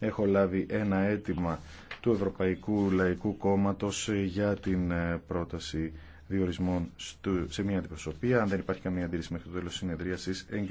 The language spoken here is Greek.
Έχω λάβει ένα αίτημα του Ευρωπαϊκού Λαϊκού Κόμματος για την ε, πρόταση διορισμών σε μια αντιπροσωπεία. Αν δεν υπάρχει καμία αντίρρηση μέχρι το τέλος συνεδρίασης,